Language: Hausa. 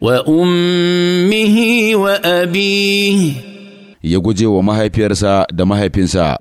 وأمه وأبيه يجوجي ومهاي بيرسا دمهاي بينسا